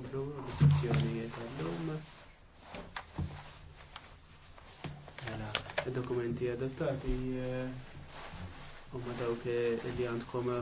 nkomplu l-sezzjonijiet għallum. Mela, id-dokumenti adottati eh, u ma dawk eh, li għandkom